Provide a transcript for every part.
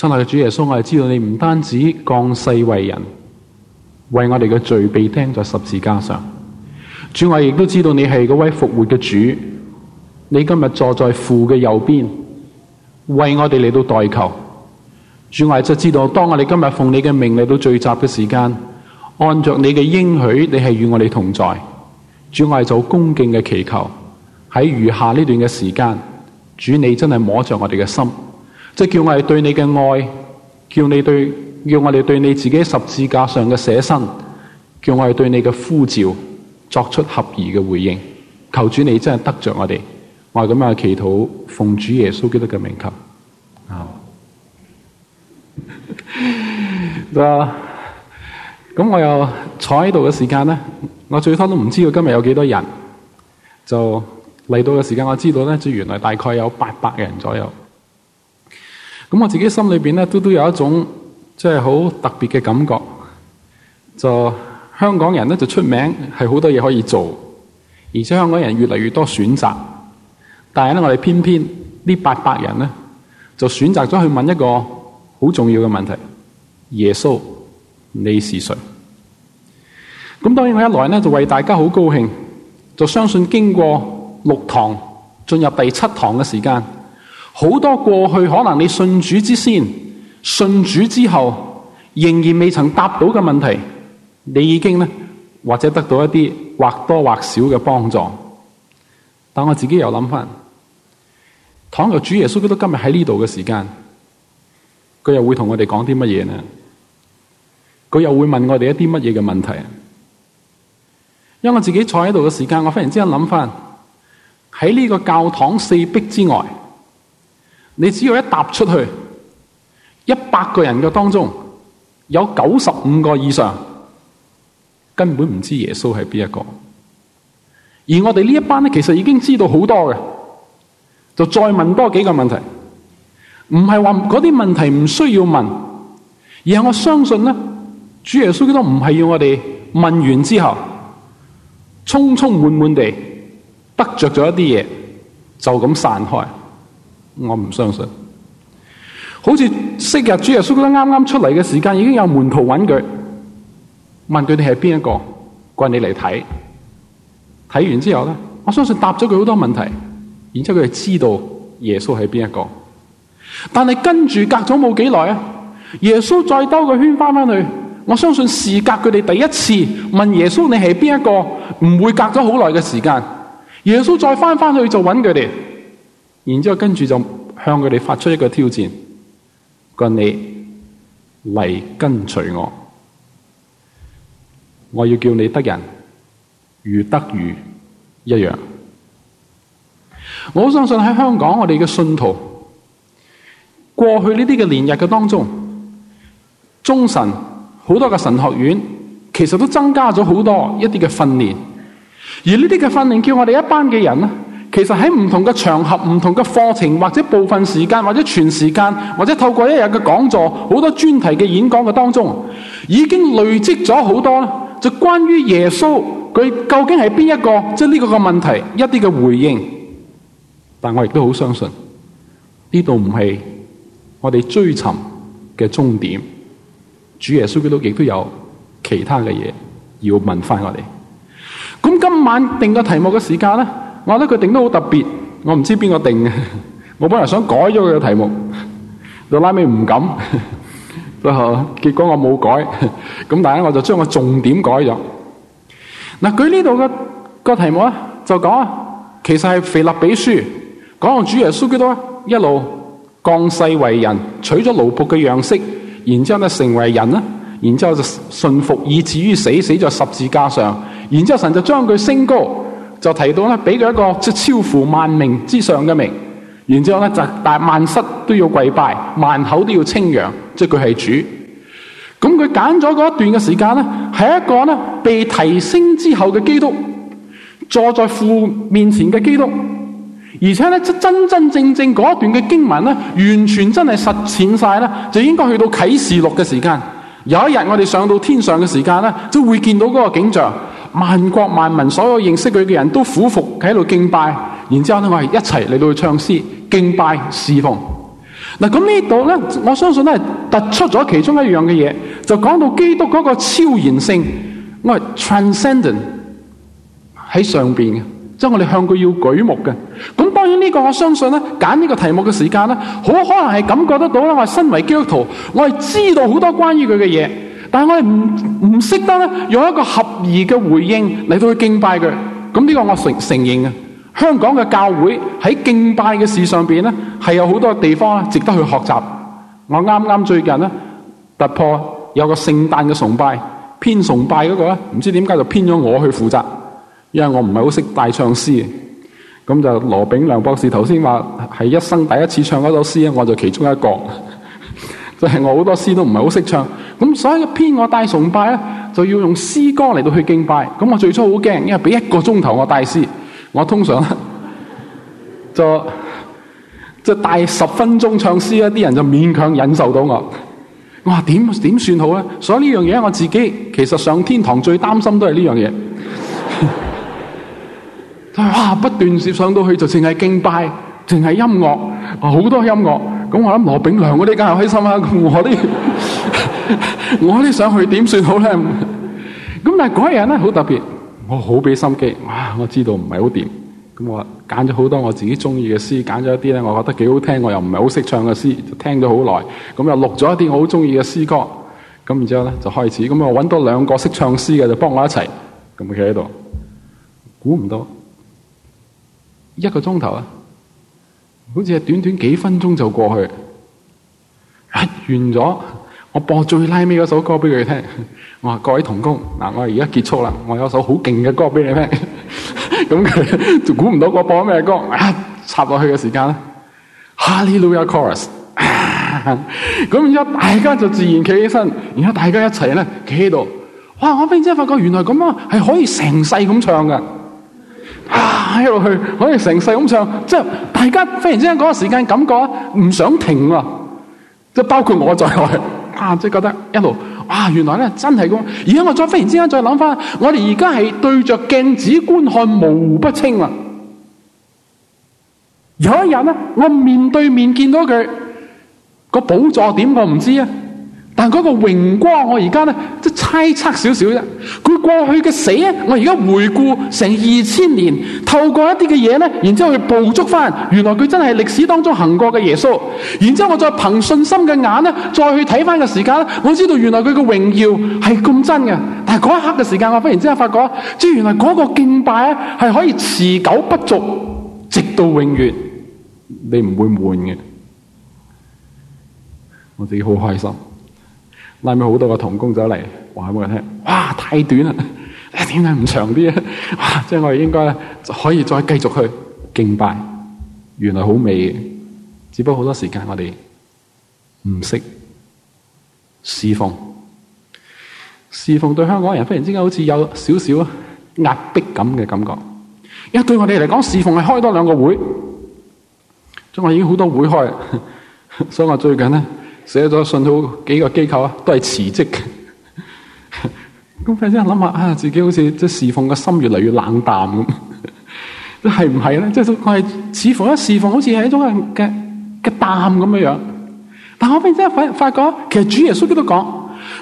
親愛嘅主耶穌，我哋知道你唔單止降世為人，為我哋嘅罪被釘在十字架上。主，我亦都知道你係嗰位復活嘅主，你今日坐在父嘅右邊，為我哋嚟到代求。主，我亦都知道，當我哋今日奉你嘅命嚟到聚集嘅時間，按着你嘅應許，你係與我哋同在。主，我係做恭敬嘅祈求，喺餘下呢段嘅時間，主你真係摸着我哋嘅心。即係叫我哋對你嘅愛，叫你對，叫我哋對你自己十字架上嘅捨身，叫我哋對你嘅呼召作出合宜嘅回應。求主你真係得着我哋，我係咁樣祈禱，奉主耶穌基督嘅名求啊。咁、哦、 我又坐喺度嘅時間咧，我最多都唔知道今日有幾多人，就嚟到嘅時間我知道咧，即原來大概有八百人左右。咁我自己心裏邊咧，都都有一種即係好特別嘅感覺。就香港人咧，就出名係好多嘢可以做，而且香港人越嚟越多選擇。但係咧，我哋偏偏呢八百人咧，就選擇咗去問一個好重要嘅問題：耶穌你是誰？咁當然我一來咧，就為大家好高興，就相信經過六堂進入第七堂嘅時間。好多過去可能你信主之先，信主之後，仍然未曾答到嘅問題，你已經咧，或者得到一啲或多或少嘅幫助。但我自己又諗翻，倘若主耶穌都今日喺呢度嘅時間，佢又會同我哋講啲乜嘢呢？佢又會問我哋一啲乜嘢嘅問題？因為我自己坐喺度嘅時間，我忽然之間諗翻喺呢個教堂四壁之外。你只要一踏出去，一百個人嘅當中有九十五個以上根本唔知耶穌係邊一個，而我哋呢一班咧，其實已經知道好多嘅，就再問多幾個問題。唔係話嗰啲問題唔需要問，而係我相信咧，主耶穌都唔係要我哋問完之後，充充滿滿地得着咗一啲嘢，就咁散開。我唔相信，好似昔日主耶穌啱啱出嚟嘅時間已經有門徒揾佢，問佢哋係邊一個，關你嚟睇。睇完之後咧，我相信答咗佢好多問題，然之後佢哋知道耶穌係邊一個。但係跟住隔咗冇幾耐啊，耶穌再兜個圈翻翻去，我相信事隔佢哋第一次問耶穌你係邊一個，唔會隔咗好耐嘅時間，耶穌再翻翻去就揾佢哋。然之後跟住就向佢哋發出一個挑戰，講你嚟跟隨我，我要叫你得人如得魚一樣。我相信喺香港，我哋嘅信徒過去呢啲嘅年日嘅當中，中神好多嘅神學院，其實都增加咗好多一啲嘅訓練，而呢啲嘅訓練叫我哋一班嘅人呢其實喺唔同嘅場合、唔同嘅課程或者部分時間或者全時間，或者透過一日嘅講座、好多專題嘅演講嘅當中，已經累積咗好多，就關於耶穌佢究竟係邊一個，即係呢個嘅問題一啲嘅回應。但我亦都好相信呢度唔係我哋追尋嘅終點。主耶穌基督亦都有其他嘅嘢要問翻我哋。咁今晚定個題目嘅時間咧？我覺得佢定得好特別，我唔知邊個定嘅。我本來想改咗佢嘅題目，就拉尾唔敢，不過，結果我冇改。咁但係我就將個重點改咗。嗱，佢呢度嘅個題目呢，就講啊，其實係腓立比書講個主耶穌基督一路降世為人，取咗奴僕嘅樣式，然之後咧，成為人，然之後就順服以至於死，死在十字架上，然之後神就將佢升高。就提到咧，俾佢一個即係超乎萬名之上嘅名，然之後咧就但萬膝都要跪拜，萬口都要稱揚，即係佢係主。咁佢揀咗嗰一段嘅時間咧，係一個咧被提升之後嘅基督，坐在父面前嘅基督，而且咧真真真正正嗰一段嘅經文咧，完全真係實踐晒啦，就應該去到啟示錄嘅時間。有一日我哋上到天上嘅時間咧，就會見到嗰個景象。萬國萬民，所有認識佢嘅人都俯伏喺度敬拜，然之後咧，我係一齊嚟到去唱詩、敬拜、侍奉。嗱，咁呢度咧，我相信咧突出咗其中一樣嘅嘢，就講到基督嗰個超然性，我係 transcendent 喺上邊嘅，即係我哋向佢要舉目嘅。咁當然呢個，我相信咧揀呢個題目嘅時間咧，好可能係感覺得到啦。我身為基督徒，我係知道好多關於佢嘅嘢。但係我唔唔識得咧，用一個合意嘅回應嚟到去敬拜佢，咁呢個我承承認嘅，香港嘅教會喺敬拜嘅事上面咧，係有好多地方值得去學習。我啱啱最近咧突破有個聖誕嘅崇拜，編崇拜嗰個咧，唔知點解就編咗我去負責，因為我唔係好識帶唱詩。咁就羅炳良博士頭先話係一生第一次唱嗰首詩，我就其中一個。就係、是、我好多詩都唔係好識唱，咁所以篇我帶崇拜咧，就要用詩歌嚟到去敬拜。咁我最初好驚，因為俾一個鐘頭我帶詩，我通常咧就就帶十分鐘唱詩，一啲人就勉強忍受到我。哇，話點點算好咧？所以呢樣嘢我自己其實上天堂最擔心都係呢樣嘢。佢 話不斷接上到去就淨係敬拜，淨係音樂，好多音樂。咁我諗羅炳良啲梗係開心啊！我啲 我啲想去點算好咧？咁 但係嗰日咧好特別，我好俾心機。哇！我知道唔係好掂，咁我揀咗好多我自己中意嘅詩，揀咗一啲咧，我覺得幾好聽，我又唔係好識唱嘅詩，就聽咗好耐。咁又錄咗一啲我好中意嘅詩歌。咁然之後咧就開始，咁我揾多兩個識唱詩嘅就幫我一齊咁佢企喺度。估唔到一個鐘頭啊！好似係短短幾分鐘就過去，啊，完咗。我播最拉尾嗰首歌俾佢聽。我話，各位同工，嗱，我而家結束啦。我有首好勁嘅歌俾你聽。咁 佢就估唔到我播咩歌，啊，插落去嘅時間，哈利路亞 chorus。咁然之後大家就自然企起身，然後大家一齊咧企喺度。哇！我忽然之間發覺原來咁樣，係可以成世咁唱㗎。啊，一路去可以成世咁唱，即係大家忽然之間嗰個時間感覺唔想停啊！即係包括我在內，啊，即係覺得一路啊，原來咧真係咁。而家我再忽然之間再諗翻，我哋而家係對着鏡子觀看模糊不清喇。有一日咧，我面對面見到佢嗰個寶座點，我唔知啊。但嗰個榮光我點點，我而家咧即係猜測少少啫。佢過去嘅死咧，我而家回顧成二千年，透過一啲嘅嘢咧，然之後去捕捉翻，原來佢真係歷史當中行過嘅耶穌。然之後我再憑信心嘅眼咧，再去睇翻個時間咧，我知道原來佢嘅榮耀係咁真嘅。但係嗰一刻嘅時間，我忽然之間發覺，即係原來嗰個敬拜啊，係可以持久不足直到永遠，你唔會悶嘅。我自己好開心。拉埋好多個同工走嚟，話俾我聽，哇太短啦！點解唔長啲啊？哇，即係我哋應該可以再繼續去敬拜，原來好美，只不過好多時間我哋唔識侍奉，侍奉對香港人忽然之間好似有少少壓迫咁嘅感覺。因為對我哋嚟講，侍奉係開多兩個會，中國已經好多會開，所以我最近咧。寫咗信到幾個機構啊，都係辭職嘅。咁突然之間諗下啊，自己好似即係侍奉嘅心越嚟越冷淡咁，都係唔係咧？即係我係似乎一侍奉，好似係一種嘅嘅淡咁樣樣。但係我忽然之間發發覺，其實主耶穌都講，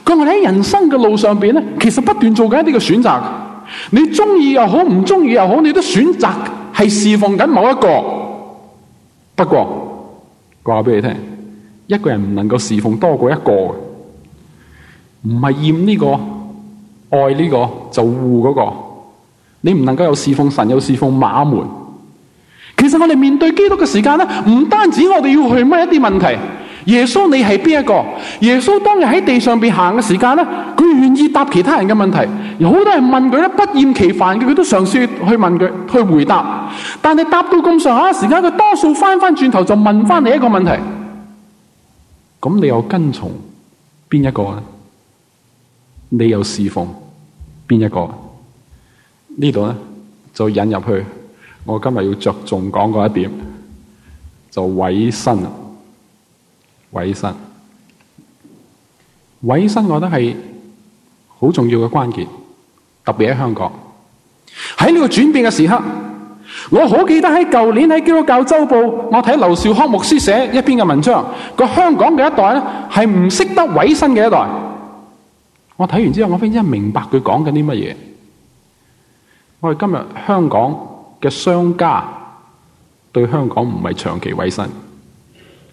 佢話喺人生嘅路上邊咧，其實不斷做緊一啲嘅選擇。你中意又好，唔中意又好，你都選擇係侍奉緊某一個。不過，話俾你聽。一個人唔能夠侍奉多過一個不是、這個，唔係厭呢個愛呢個就護嗰、那個，你唔能夠又侍奉神又侍奉馬門。其實我哋面對基督嘅時間咧，唔單止我哋要去問一啲問題。耶穌你係邊一個？耶穌當日喺地上邊行嘅時間咧，佢願意答其他人嘅問題。有好多人問佢咧，不厭其煩嘅，佢都嘗試去問佢去回答。但係答到咁上下時間，佢多數翻翻轉頭就問翻你一個問題。咁你又跟從邊一個啊？你又侍奉邊一個呢？呢度咧就引入去，我今日要着重講嗰一點，就委身啊，委身，委身，我覺得係好重要嘅關鍵，特別喺香港，喺呢個轉變嘅時刻。我好記得喺舊年喺基督教週報，我睇劉少康牧師寫一篇嘅文章，個香港嘅一代咧係唔識得委身嘅一代。我睇完之後，我真先明白佢講緊啲乜嘢。我哋今日香港嘅商家對香港唔係長期委身。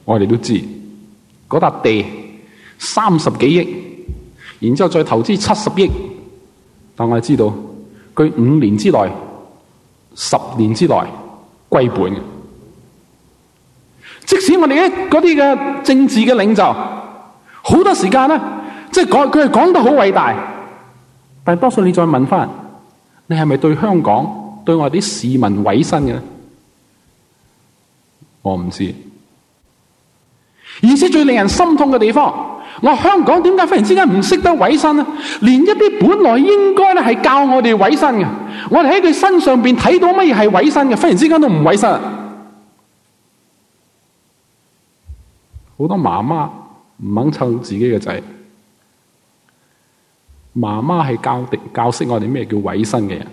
我哋都知嗰笪地三十幾億，然之後再投資七十億，但我係知道佢五年之內，十年之內歸本嘅，即使我哋啲嗰啲嘅政治嘅領袖，好多時間咧，即係講佢係講得好偉大，但係多數你再問翻，你係咪對香港對我哋啲市民委身嘅？我唔知，而且最令人心痛嘅地方。我香港點解忽然之間唔識得委身呢？連一啲本來應該咧係教我哋委身嘅，我哋喺佢身上邊睇到乜嘢係委身嘅？忽然之間都唔委身。好多媽媽唔肯湊自己嘅仔，媽媽係教的教識我哋咩叫委身嘅人。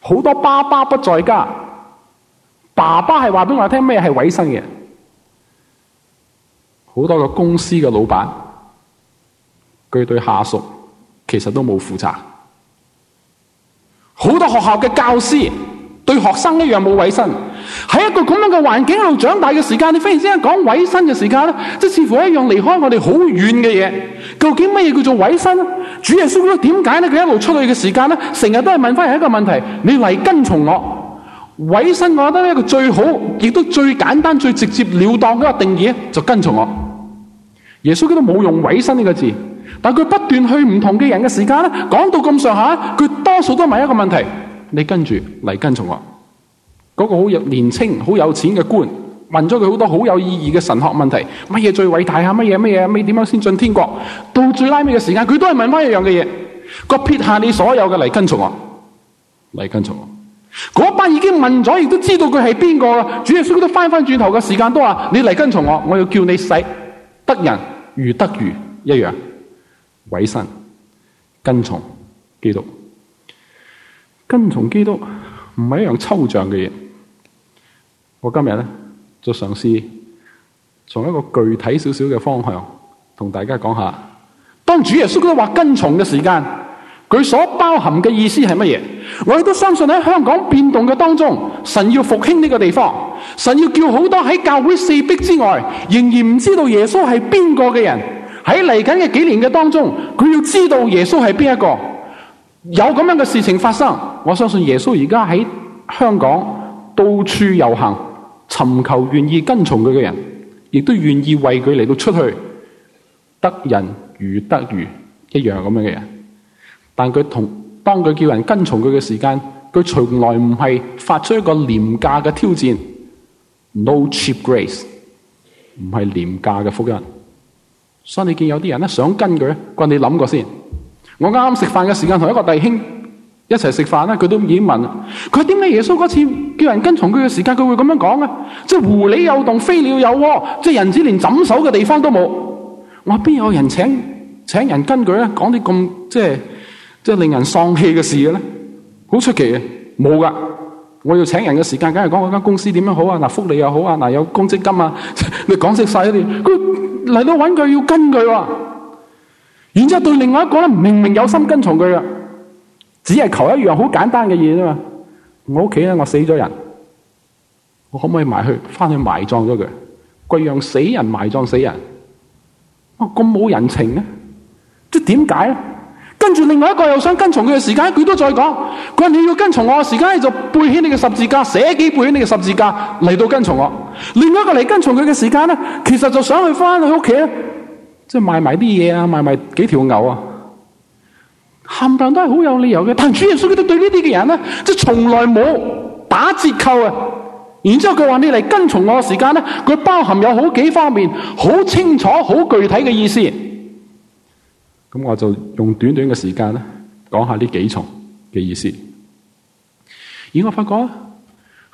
好多爸爸不在家，爸爸係話俾我聽咩係委身嘅。好多個公司嘅老闆，佢對下屬其實都冇負責；好多學校嘅教師對學生一樣冇委身。喺一個咁樣嘅環境一度長大嘅時間，你忽然之間講委身嘅時間咧，即似乎一樣離開我哋好遠嘅嘢。究竟乜嘢叫做委身？主耶穌咧，點解咧？佢一路出去嘅時間咧，成日都係問翻一個問題：你嚟跟從我？委身我覺得咧，一個最好亦都最簡單、最直接了當嘅個定義，就跟從我。耶穌基督冇用委身呢個字，但佢不斷去唔同嘅人嘅時間咧，講到咁上下，佢多數都係問一個問題。你跟住嚟跟從我。嗰個好有年青、好有錢嘅官問咗佢好多好有意義嘅神學問題，乜嘢最偉大啊？乜嘢乜嘢？咩點樣先進天國？到最拉尾嘅時間，佢都係問翻一樣嘅嘢。個撇下你所有嘅嚟跟從我，嚟跟從我。嗰班已經問咗，亦都知道佢係邊個。主耶穌基督翻翻轉頭嘅時間都話：你嚟跟從我，我要叫你死。得人如得魚一樣，委身跟從基督。跟從基督唔係一樣抽象嘅嘢。我今日咧就嘗試從一個具體少少嘅方向同大家講一下，當主耶穌都話跟從嘅時間，佢所包含嘅意思係乜嘢？我亦都相信喺香港變動嘅當中，神要復興呢個地方。神要叫好多喺教會四壁之外，仍然唔知道耶穌係邊個嘅人，喺嚟緊嘅幾年嘅當中，佢要知道耶穌係邊一個，有咁樣嘅事情發生。我相信耶穌而家喺香港到處遊行，尋求願意跟從佢嘅人，亦都願意為佢嚟到出去，得人如得魚一樣咁樣嘅人。但佢同當佢叫人跟從佢嘅時間，佢從來唔係發出一個廉價嘅挑戰。no cheap grace，唔係廉價嘅福音，所以你見有啲人咧想跟佢，問你諗過先。我啱啱食飯嘅時間同一個弟兄一齊食飯啦，佢都已經問佢點解耶穌嗰次叫人跟從佢嘅時間，佢會咁樣講啊？即係狐狸有洞，飛鳥有窩，即係人子連枕頭嘅地方都冇。我話邊有人請請人跟佢咧，講啲咁即係即係令人喪氣嘅事嘅咧？好出奇啊！冇噶。我要請人嘅時間，梗係講我間公司點樣好啊！嗱，福利又好啊，嗱，有公積金啊， 你講識晒啊啲。佢嚟到搵佢要跟佢啊，然之後對另外一個咧，明明有心跟從佢啊，只係求一樣好簡單嘅嘢啊嘛。我屋企咧，我死咗人，我可唔可以埋去翻去埋葬咗佢？貴讓死人埋葬死人，我咁冇人情咧，即係點解？跟住另外一個又想跟從佢嘅時間，佢都再講，佢話你要跟從我嘅時間，你就背起你嘅十字架，寫幾背起你嘅十字架嚟到跟從我。另外一個嚟跟從佢嘅時間咧，其實就想去翻去屋企啊，即係賣埋啲嘢啊，賣埋幾條牛啊，冚唪唥都係好有理由嘅。但係主耶穌佢都對呢啲嘅人咧，即係從來冇打折扣啊。然之後佢話你嚟跟從我嘅時間咧，佢包含有好幾方面，好清楚、好具體嘅意思。咁我就用短短嘅時間咧，講下呢幾重嘅意思。而我發覺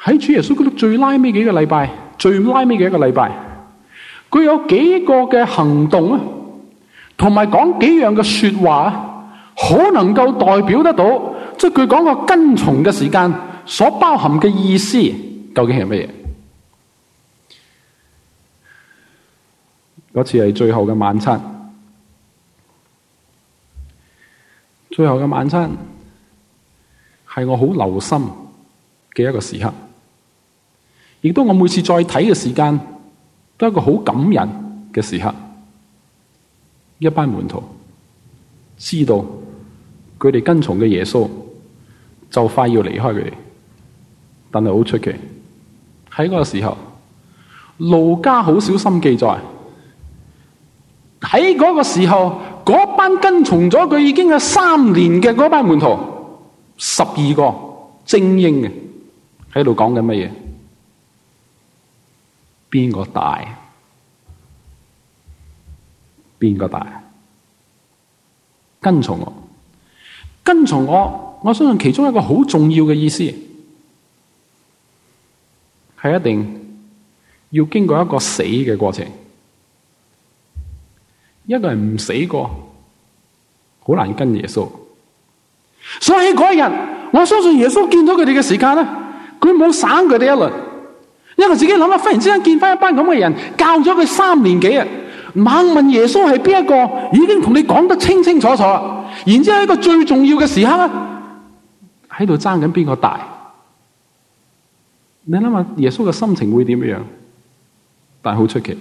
喺主耶穌嗰度最拉尾幾個禮拜，最拉尾嘅一個禮拜，佢有幾個嘅行動啊，同埋講幾樣嘅說話啊，可能夠代表得到，即係佢講個跟從嘅時間所包含嘅意思，究竟係乜嘢？嗰次係最後嘅晚餐。最後嘅晚餐係我好留心嘅一個時刻，亦都我每次再睇嘅時間都係一個好感人嘅時刻。一班門徒知道佢哋跟從嘅耶穌就快要離開佢哋，但係好出奇喺嗰個時候，路加好小心記載喺嗰個時候。嗰班跟從咗佢已經有三年嘅嗰班門徒，十二個精英嘅喺度講緊乜嘢？邊個大？邊個大？跟從我，跟從我，我相信其中一個好重要嘅意思係一定要經過一個死嘅過程。一個人唔死過，好難跟耶穌。所以嗰一日，我相信耶穌見到佢哋嘅時間咧，佢冇省佢哋一輪。因為自己諗下，忽然之間見翻一班咁嘅人，教咗佢三年幾啊，猛問耶穌係邊一個，已經同你講得清清楚楚。然之後一個最重要嘅時刻咧，喺度爭緊邊個大。你諗下耶穌嘅心情會點樣？但係好出奇，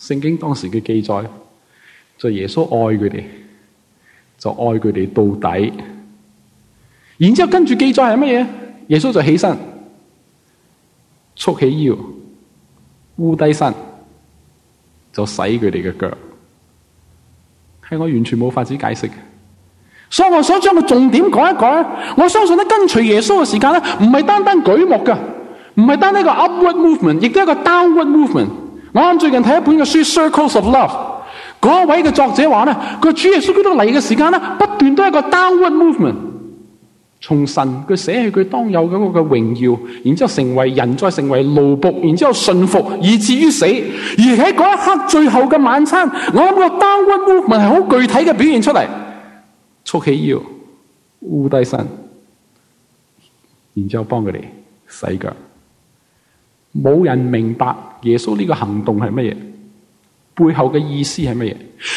聖經當時嘅記載。就耶穌愛佢哋，就愛佢哋到底。然之後跟住記載係乜嘢？耶穌就起身，束起腰，烏低身，就洗佢哋嘅腳。係我完全冇法子解釋嘅。所以我想將個重點講一講。我相信咧，跟隨耶穌嘅時間咧，唔係單單舉目噶，唔係單單一個 upward movement，亦都係一個 downward movement。我啱最近睇一本嘅書《Circles of Love》。嗰位嘅作者話咧，佢主耶穌基督嚟嘅時間咧，不斷都係個 downward movement，從神佢捨去佢當有咁個榮耀，然之後成為人，再成為奴僕，然之後順服，以至於死。而喺嗰一刻最後嘅晚餐，我諗個 downward movement 係好具體嘅表現出嚟，束起腰，烏低身，然之後幫佢哋洗腳。冇人明白耶穌呢個行動係乜嘢。背後嘅意思係乜嘢？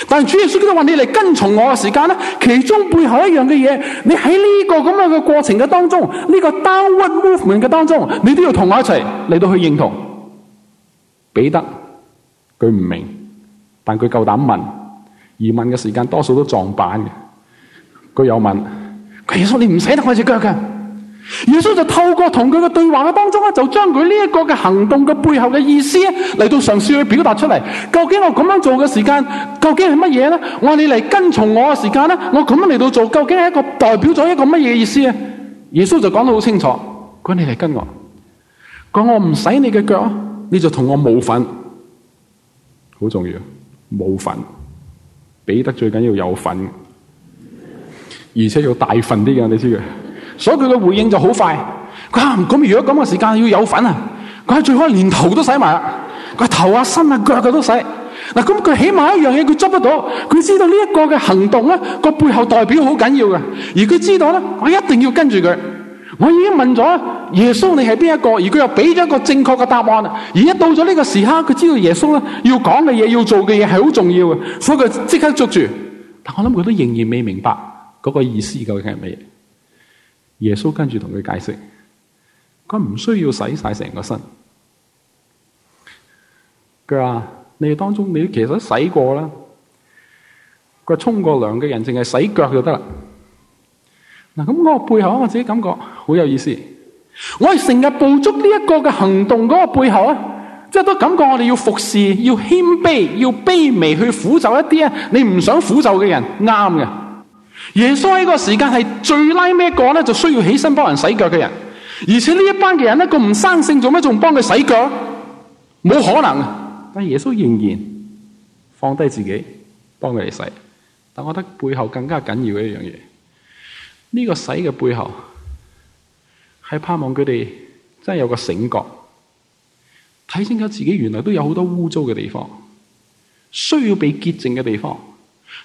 但係主耶穌都話你嚟跟從我嘅時間咧，其中背後一樣嘅嘢，你喺呢個咁樣嘅過程嘅當中，呢個 downward movement 嘅當中，你都要同我一齊嚟到去認同。彼得佢唔明，但佢夠膽問。疑問嘅時間多數都撞板嘅，佢又問，耶穌你唔使洗我隻腳嘅。耶穌就透過同佢嘅對話嘅當中咧，就將佢呢一個嘅行動嘅背後嘅意思咧嚟到嘗試去表達出嚟。究竟我咁樣做嘅時間，究竟係乜嘢咧？我話你嚟跟從我嘅時間咧，我咁樣嚟到做，究竟係一個代表咗一個乜嘢意思啊？耶穌就講得好清楚，講你嚟跟我，講我唔使你嘅腳啊，你就同我冇份。好重要，冇份，彼得最緊要有份，而且要大份啲嘅，你知嘅。所以佢嘅回應就好快，咁咁如果咁嘅時間要有份啊，佢係最好連頭都洗埋啦，佢頭啊、身啊、腳啊都洗。嗱咁佢起碼一樣嘢佢捉得到，佢知道呢一個嘅行動咧個背後代表好緊要嘅，而佢知道咧我一定要跟住佢，我已經問咗耶穌你係邊一個，而佢又俾咗一個正確嘅答案，而一到咗呢個時刻佢知道耶穌咧要講嘅嘢要做嘅嘢係好重要嘅，所以佢即刻捉住，但我諗佢都仍然未明白嗰個意思究竟係乜嘢。耶穌跟住同佢解釋：佢唔需要洗晒成個身。佢話你當中你其實洗過啦，佢沖過涼嘅人淨係洗腳就得啦。嗱咁個背後我自己感覺好有意思。我哋成日捕捉呢一個嘅行動嗰個背後啊，即係都感覺我哋要服侍、要謙卑、要卑微去俯就一啲啊，你唔想俯就嘅人啱嘅。耶穌喺個時間係最拉咩講咧？就需要起身幫人洗腳嘅人，而且呢一班嘅人咁唔生性，做咩仲幫佢洗腳？冇可能，但耶穌仍然放低自己幫佢哋洗。但我覺得背後更加緊要嘅一樣嘢，呢個洗嘅背後係盼望佢哋真係有個醒覺，睇清楚自己原來都有好多污糟嘅地方，需要被潔淨嘅地方。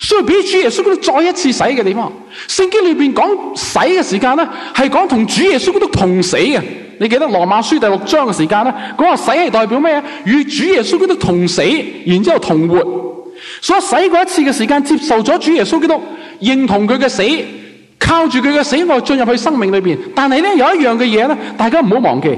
所以俾主耶穌基督再一次洗嘅地方，聖經裏邊講洗嘅時間咧，係講同主耶穌基督同死嘅。你記得羅馬書第六章嘅時間啦，嗰個洗係代表咩啊？與主耶穌基督同死，然之後同活。所以洗過一次嘅時間，接受咗主耶穌基督，認同佢嘅死，靠住佢嘅死，我進入去生命裏邊。但係咧有一樣嘅嘢咧，大家唔好忘記，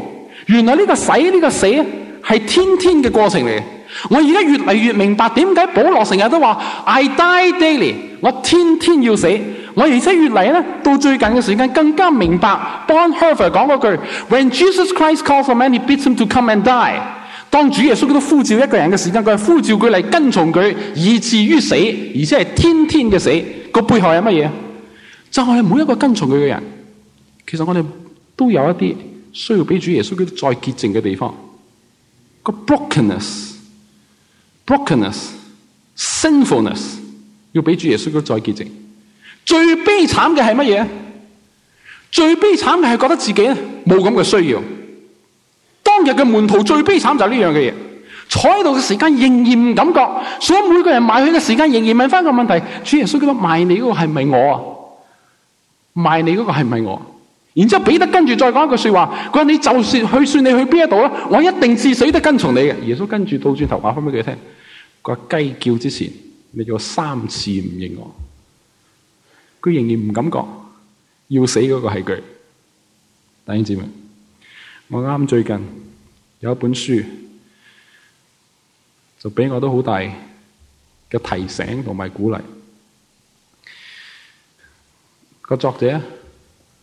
原來呢個洗呢個死係天天嘅過程嚟。我而家越嚟越明白點解保羅成日都話 I die daily，我天天要死。我而且越嚟咧，到最近嘅時間更加明白。Bonhoeffer 講嗰句 When Jesus Christ calls a man, he bids him to come and die。當主耶穌基督呼召一個人嘅時間，佢係呼召佢嚟跟從佢，以至於死，而且係天天嘅死。個背後係乜嘢？就係每一個跟從佢嘅人。其實我哋都有一啲需要俾主耶穌基督再潔淨嘅地方。個 brokenness。brokenness，sinfulness，要俾主耶穌佢再潔淨。最悲慘嘅係乜嘢？最悲慘嘅係覺得自己咧，冇咁嘅需要。當日嘅門徒最悲慘就係呢樣嘅嘢，坐喺度嘅時間仍然唔感覺，所以每個人買去嘅時間仍然問翻個問題：主耶穌基督賣你嗰個係咪我啊？賣你嗰個係咪我？然之後彼得跟住再講一句說話，佢話，你就算去，算你去邊一度，我一定至死都跟從你嘅。耶穌跟住倒轉頭話翻俾佢聽，佢話雞叫之前，你叫三次唔認我，佢仍然唔感覺要死嗰個係佢。弟兄姊妹，我啱最近有一本書，就俾我都好大嘅提醒同埋鼓勵。那個作者。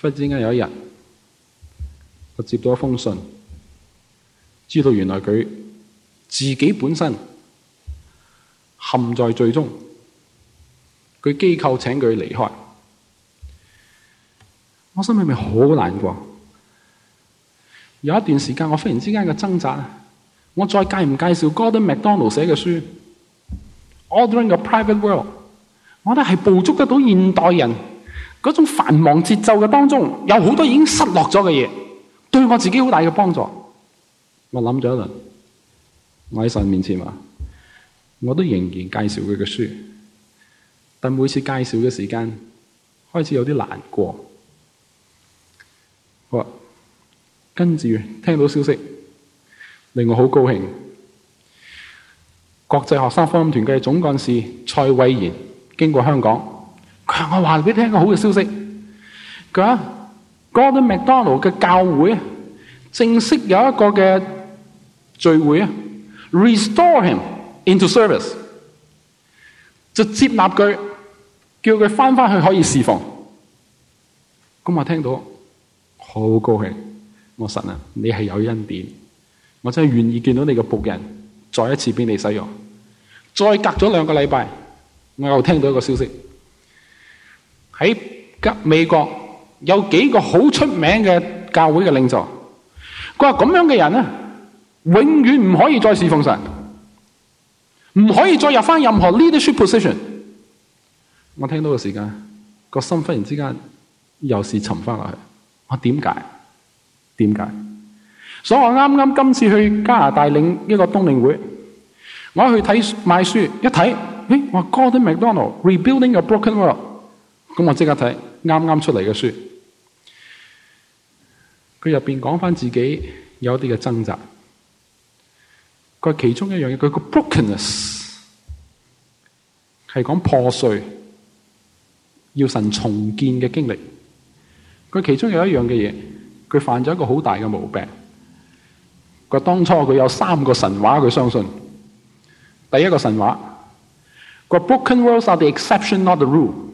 忽然之間有一日，我接到一封信，知道原來佢自己本身陷在罪中，佢機構請佢離開。我心裏面好難過，有一段時間我忽然之間嘅掙扎，我再介唔介紹 Gordon MacDonald 寫嘅書《Ordering Your Private World》，我哋係捕捉得到現代人嗰種繁忙節奏嘅當中，有好多已經失落咗嘅嘢，對我自己好大嘅幫助。我諗咗一輪，我喺神面前話，我都仍然介紹佢嘅書，但每次介紹嘅時間，開始有啲難過。好，跟住聽到消息，令我好高興，國際學生福音團嘅總幹事蔡慧賢經過香港。我話俾你聽個好嘅消息，Gordon MacDonald 嘅教會正式有一個嘅聚會啊，Restore him into service 就接納佢，叫佢翻翻去可以侍奉。咁我聽到好高興，我神啊，你係有恩典，我真係願意見到你嘅僕人再一次俾你使用。再隔咗兩個禮拜，我又聽到一個消息。喺美國有幾個好出名嘅教會嘅領袖，佢話咁樣嘅人咧，永遠唔可以再侍奉神，唔可以再入翻任何 leadership position。我聽到嘅時間，個心忽然之間又是沉翻落去。我點解？點解？所、so，以我啱啱今次去加拿大領一個冬令會，我去睇買書一睇，咦、哎，我 Gordon MacDonald rebuilding a broken world。咁我即刻睇啱啱出嚟嘅書，佢入邊講翻自己有啲嘅掙扎。佢其中一樣嘢，佢個 brokenness 係講破碎，要神重建嘅經歷。佢其中有一樣嘅嘢，佢犯咗一個好大嘅毛病。佢當初，佢有三個神話佢相信。第一個神話，個 broken worlds are the exception, not the rule。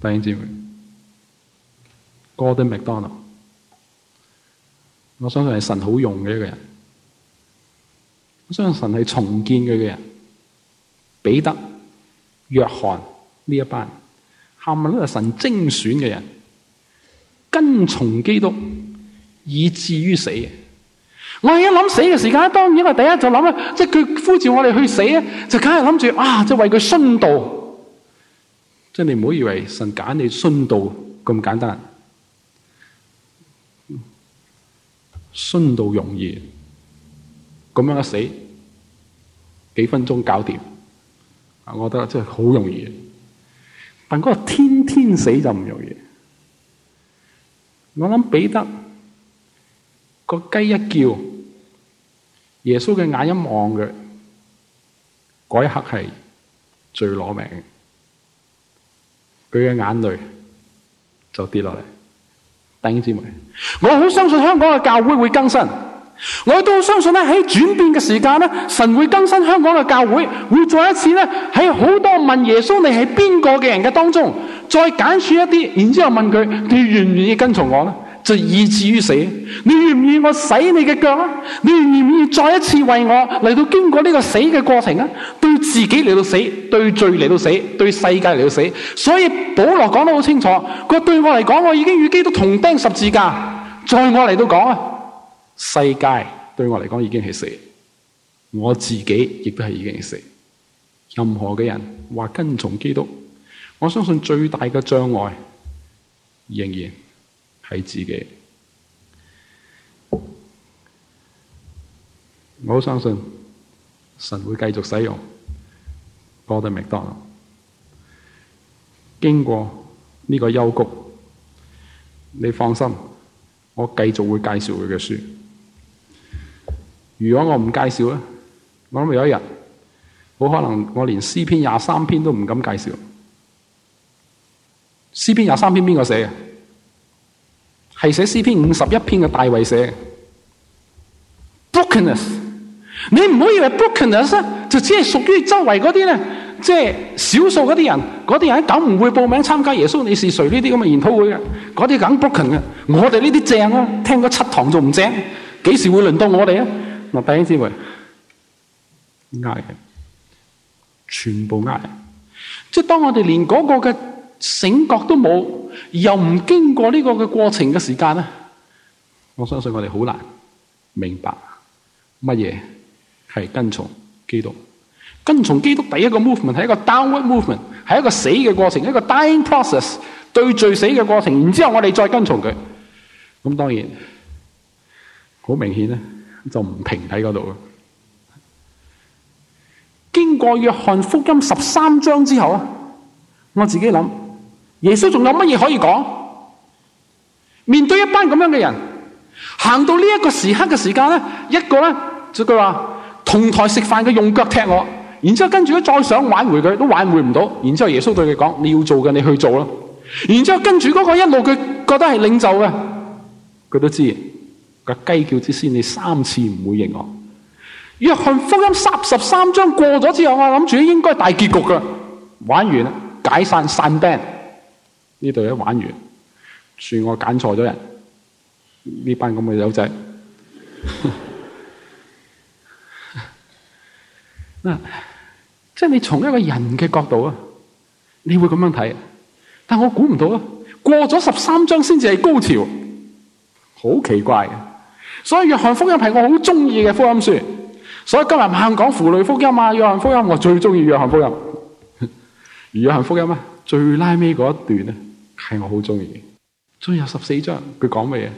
弟兄姊妹，歌登麥當勞，我相信係神好用嘅一個人。我相信神係重建佢嘅人，彼得、約翰呢一班人，冚唪唥都係神精選嘅人，跟從基督以至於死嘅。我一諗死嘅時間，當然因為第一就諗啦，即係佢呼召我哋去死就是想啊，就梗係諗住啊，即係為佢殉道。即係你唔好以為神揀你殉道咁簡單，殉道容易，咁樣一死，幾分鐘搞掂，啊，我覺得真係好容易。但嗰個天天死就唔容易。我諗彼得個雞一叫，耶穌嘅眼一望佢嗰一刻係最攞命。佢嘅眼淚就跌落嚟，弟兄姊妹，我好相信香港嘅教會會更新，我亦都相信咧喺轉變嘅時間咧，神會更新香港嘅教會，會再一次咧喺好多問耶穌你係邊個嘅人嘅當中，再揀選一啲，然之後問佢，你願唔願意跟從我咧？就以至於死，你願唔願我洗你嘅腳啊？你願唔願再一次為我嚟到經過呢個死嘅過程啊？對自己嚟到死，對罪嚟到死，對世界嚟到死。所以保羅講得好清楚，佢話對我嚟講，我已經與基督同釘十字架，再我嚟到講啊，世界對我嚟講已經係死，我自己亦都係已經係死。任何嘅人話跟從基督，我相信最大嘅障礙仍然，係自己，我相信神會繼續使用我哋明多。經過呢個幽谷，你放心，我繼續會介紹佢嘅書。如果我唔介紹咧，我諗有一日，好可能我連詩篇廿三篇都唔敢介紹。詩篇廿三篇邊個寫？係寫詩篇五十一篇嘅大衛寫嘅。brokenness，你唔好以為 brokenness 就只係屬於周圍嗰啲呢即係少數嗰啲人，嗰啲人梗唔會報名參加耶穌你是誰呢啲噉嘅研討會嘅，嗰啲梗 broken 嘅。我哋呢啲正啊，聽咗七堂就唔正，幾時會輪到我哋啊？我第一次會，呃嘅，全部呃嘅。即當我哋連嗰個嘅醒覺都冇。又唔經過呢個嘅過程嘅時間咧，我相信我哋好難明白乜嘢係跟從基督。跟從基督第一個 movement 係一個 downward movement，係一個死嘅過程，一個 dying process，對罪死嘅過程。然之後我哋再跟從佢，咁當然好明顯咧，就唔停喺嗰度啊。經過約翰福音十三章之後啊，我自己諗。耶穌仲有乜嘢可以講？面對一班咁樣嘅人，行到呢一個時刻嘅時間咧，一個咧就佢話同台食飯嘅用腳踢我，然之後跟住咧再想挽回佢都挽回唔到。然之後耶穌對佢講：你要做嘅你去做啦。然之後跟住嗰個一路佢覺得係領袖嘅，佢都知個雞叫之先，你三次唔會認我。約翰福音三十三章過咗之後，我諗住應該大結局嘅，玩完解散散 band。呢度一玩完，算我揀錯咗人。呢班咁嘅友仔，嗱， 即係你從一個人嘅角度啊，你會咁樣睇。但我估唔到啊，過咗十三章先至係高潮，好奇怪。所以約翰福音係我好中意嘅福音書，所以今日猛講婦女福音啊，約翰福音我最中意約翰福音。而約翰福音啊，最拉尾嗰一段啊。係我好中意嘅。仲有十四章，佢講乜嘢？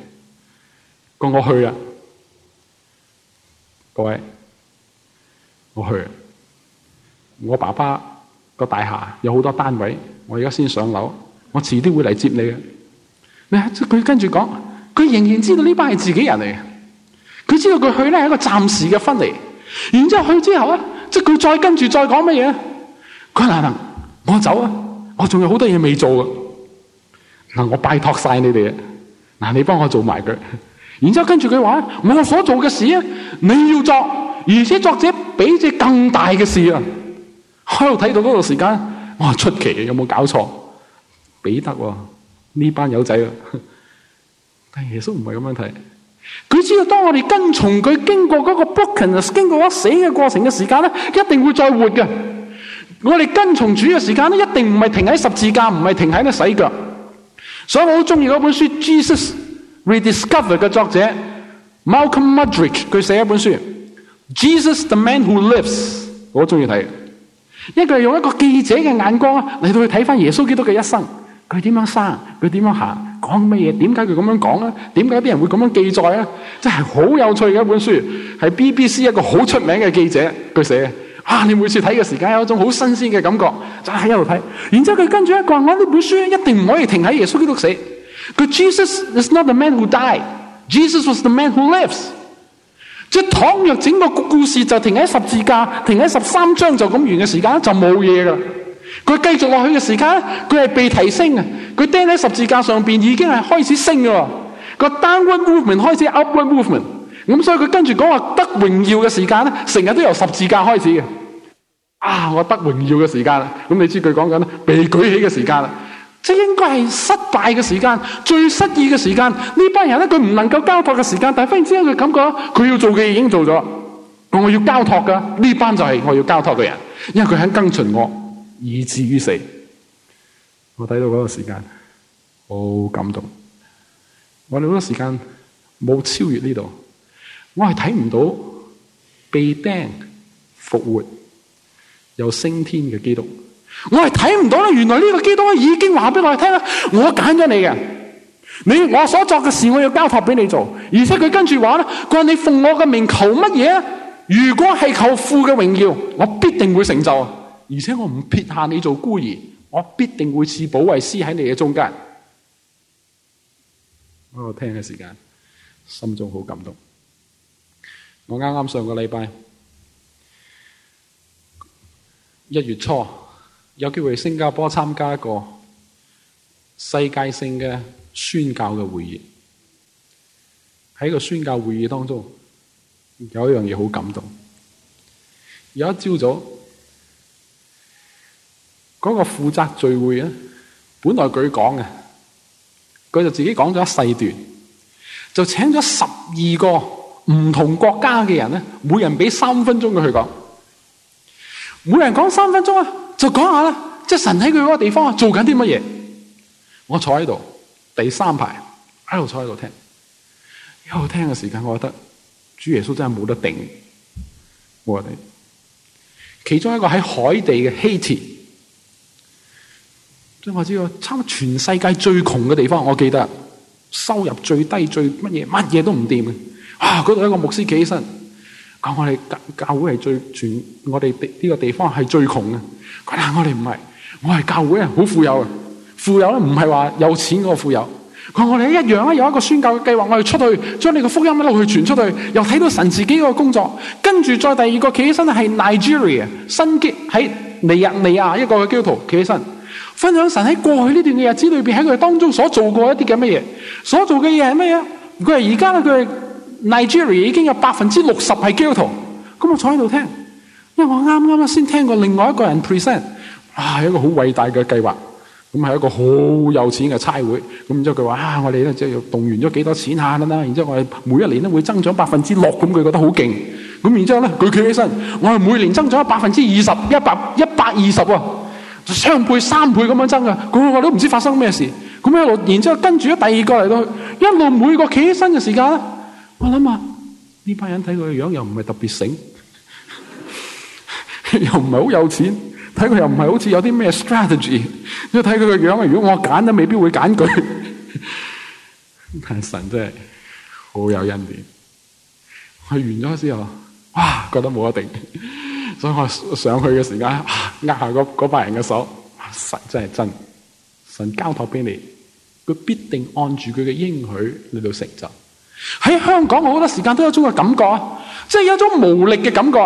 講我去啊，各位，我去。我爸爸個大廈有好多單位，我而家先上樓，我遲啲會嚟接你嘅。咩啊？佢跟住講，佢仍然知道呢班係自己人嚟嘅。佢知道佢去咧係一個暫時嘅分離，然之後去之後咧，即係佢再跟住再講乜嘢？佢話：嗱，我走啊，我仲有好多嘢未做啊！嗱，我拜託晒你哋，嗱，你幫我做埋佢，然之後跟住佢話：我所做嘅事啊，你要作，而且作者比這更大嘅事啊！喺度睇到嗰度時間，我出奇，有冇搞錯？彼得，呢班友仔，但、哎、耶穌唔係咁樣睇，佢知道當我哋跟從佢經過嗰個 broken 經過一死嘅過程嘅時間咧，一定會再活嘅。我哋跟從主嘅時間咧，一定唔係停喺十字架，唔係停喺度洗腳。所以我好中意嗰本書《Jesus Rediscovered》嘅作者 Malcolm Muggeridge，佢寫一本書《Jesus the Man Who Lives》，我好中意睇。一個用一個記者嘅眼光嚟到去睇翻耶穌基督嘅一生，佢點樣生，佢點樣行，講乜嘢，點解佢咁樣講咧？點解啲人會咁樣記載咧？真係好有趣嘅一本書，係 BBC 一個好出名嘅記者佢寫。啊！你每次睇嘅時間有一種好新鮮嘅感覺，就喺一路睇，然之後佢跟住一個，我呢本書一定唔可以停喺耶穌基督死。佢 Jesus is not the man who died，Jesus was the man who lives。即係倘若整個故事就停喺十字架，停喺十三章就咁完嘅時間，就冇嘢噶啦。佢繼續落去嘅時間，佢係被提升啊！佢釘喺十字架上邊已經係開始升噶。個 downward movement 開始 upward movement。咁所以佢跟住講話得榮耀嘅時間咧，成日都由十字架開始嘅。啊，我得榮耀嘅時間啦。咁你知佢講緊咧，被舉起嘅時間啦，即係應該係失敗嘅時間，最失意嘅時間。呢班人咧，佢唔能夠交託嘅時間，但係忽然之間佢感覺，佢要做嘅已經做咗。我我要交託噶，呢班就係我要交託嘅人，因為佢肯跟隨我，以至於死。我睇到嗰個時間，好感動。我哋好多時間冇超越呢度。我係睇唔到被釘復活、有升天嘅基督，我係睇唔到啦。原來呢個基督已經話俾我聽啦，我揀咗你嘅，你我所作嘅事我要交託俾你做。而且佢跟住話啦，佢話你奉我嘅名求乜嘢，如果係求父嘅榮耀，我必定會成就。而且我唔撇下你做孤兒，我必定會賜保衛師喺你嘅中間。我聽嘅時間，心中好感動。我啱啱上個禮拜一月初有機會新加坡參加一個世界性嘅宣教嘅會議，喺個宣教會議當中有一樣嘢好感動。有一朝早嗰個負責聚會啊，本來佢講嘅，佢就自己講咗一細段，就請咗十二個。唔同國家嘅人咧，每人俾三分鐘佢講，每人講三分鐘啊，就講下啦。即係神喺佢嗰個地方啊，做緊啲乜嘢？我坐喺度第三排，喺度坐喺度聽，喺度聽嘅時間，我覺得主耶穌真係冇得頂。我哋其中一個喺海地嘅希特，即係我知道差唔多全世界最窮嘅地方，我記得收入最低最乜嘢，乜嘢都唔掂嘅。哇、啊！嗰度有一個牧師企起身，講，我哋教教會係最全，我哋呢個地方係最窮嘅。佢話我哋唔係，我係教會啊，好富有啊。富有咧，唔係話有錢嗰個富有。佢話我哋一樣啊，有一個宣教嘅計劃，我哋出去將你個福音一路去傳出去。又睇到神自己個工作，跟住再第二個企起身係 Nigeria，新吉喺尼日尼亞一個基督徒企起身，分享神喺過去呢段嘅日子裏邊喺佢當中所做過一啲嘅乜嘢，所做嘅嘢係乜嘢？佢係而家咧，佢係。Nigeria 已經有百分之六十係基督徒，咁我坐喺度聽，因為我啱啱先聽過另外一個人 present，哇、啊，一個好偉大嘅計劃，咁係一個好有錢嘅差會，咁然之後佢話啊，我哋咧即係要動員咗幾多錢下啦啦，然之後我哋每一年都會增長百分之六，咁佢覺得好勁，咁然之後咧佢企起身，我哋每年增長百分之二十、一百、一百二十喎，雙倍、三倍咁樣增嘅，佢話都唔知發生咩事，咁一路，然之後跟住咗第二個嚟到，一路每個企起身嘅時間咧。我諗啊，呢班人睇佢個樣又唔係特別醒，又唔係好有錢，睇佢又唔係好似有啲咩 strategy。一睇佢個樣啊，如果我揀都未必會揀佢。但神真係好有恩典。去完咗之後，哇，覺得冇一定，所以我上去嘅時間，握下嗰班人嘅手，神真係真，神交託俾你，佢必定按住佢嘅應許嚟到成就。喺香港好多時間都有一種嘅感覺，即係有一種無力嘅感覺。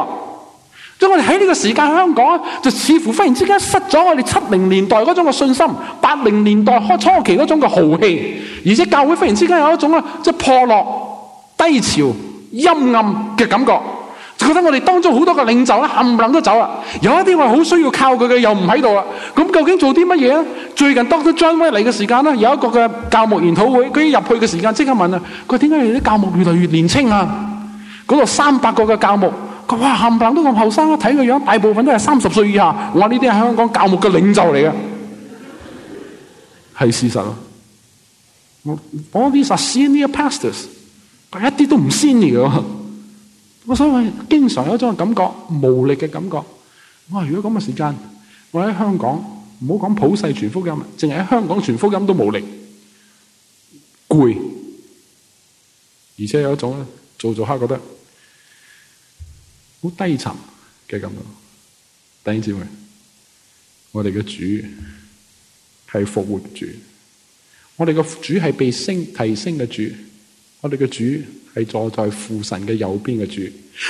咁我哋喺呢個時間香港，就似乎忽然之間失咗我哋七零年代嗰種嘅信心，八零年代開初期嗰種嘅豪氣，而且教會忽然之間有一種即係破落、低潮、陰暗嘅感覺。覺得我哋當中好多嘅領袖咧，冚唪唥都走啦。有一啲我好需要靠佢嘅，又唔喺度啦。咁究竟做啲乜嘢啊？最近 d 咗張威嚟嘅時間咧，有一個嘅教牧研討會，佢入去嘅時間即刻問越越啊：佢點解你啲教牧越嚟越年青啊？嗰度三百個嘅教牧，佢哇冚唪唥都咁後生啊！睇個樣，大部分都係三十歲以下。我話呢啲係香港教牧嘅領袖嚟嘅，係事實啊！我 All t s are senior pastors，佢一啲都唔 senior。我所以經常有一種感覺，無力嘅感覺。我話如果咁嘅時間，我喺香港唔好講普世傳福音，淨係喺香港傳福音都無力、攰，而且有一種做做下覺得好低沉嘅感覺。弟兄姊妹，我哋嘅主係復活主，我哋嘅主係被升提升嘅主。我哋嘅主係坐在父神嘅右邊嘅主，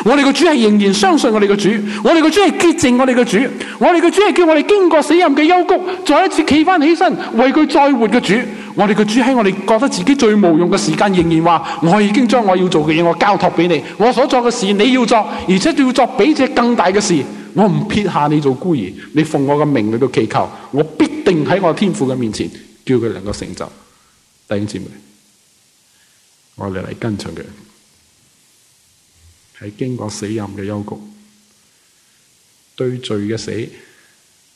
我哋嘅主係仍然相信我哋嘅主，我哋嘅主係潔淨我哋嘅主，我哋嘅主係叫我哋經過死蔭嘅幽谷，再一次企翻起身為佢再活嘅主。我哋嘅主喺我哋覺得自己最無用嘅時間，仍然話：我已經將我要做嘅嘢，我交託俾你。我所做嘅事，你要做，而且要作比這更大嘅事。我唔撇下你做孤兒，你奉我嘅名，去到祈求，我必定喺我的天父嘅面前，叫佢能夠成就。弟兄姊妹。我哋嚟跟隨佢，係經過死蔭嘅幽谷，對罪嘅死，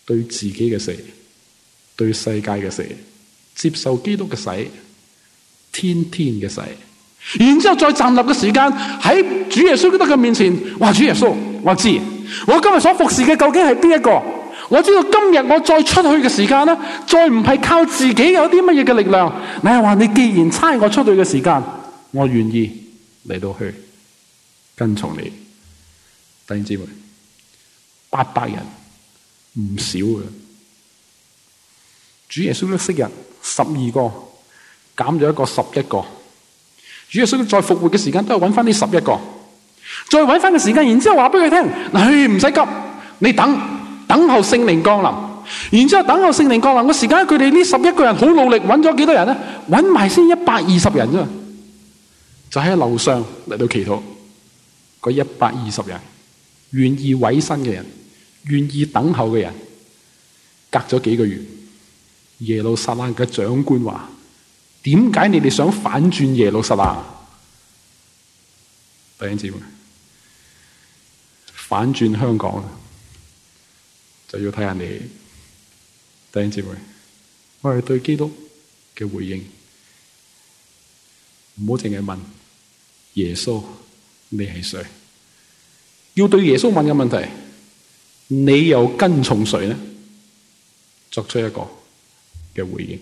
對自己嘅死，對世界嘅死，接受基督嘅死，天天嘅死，然之後再站立嘅時間喺主耶穌基督嘅面前，話主耶穌，我知，我今日所服侍嘅究竟係邊一個？我知道今日我再出去嘅時間咧，再唔係靠自己有啲乜嘢嘅力量，你係話你既然差我出去嘅時間？我願意嚟到去跟從你，弟兄姊妹，八百人唔少啊！主耶穌昔日十二個，減咗一個十一個。主耶穌再復活嘅時間都係搵翻呢十一個，再搵翻嘅時間，然之後話俾佢聽，嗱去唔使急，你等等候聖靈降臨，然之後等候聖靈降臨嘅時間，佢哋呢十一個人好努力搵咗幾多人咧？揾埋先一百二十人啫。就喺樓上嚟到祈禱，嗰一百二十人願意委身嘅人，願意等候嘅人，隔咗幾個月，耶路撒冷嘅長官話：點解你哋想反轉耶路撒冷？弟兄姊妹，反轉香港就要睇人哋。弟兄姊妹，我哋對基督嘅回應，唔好淨係問。耶穌，你係誰？要對耶穌問嘅問題，你又跟從誰呢？作出一個嘅回應。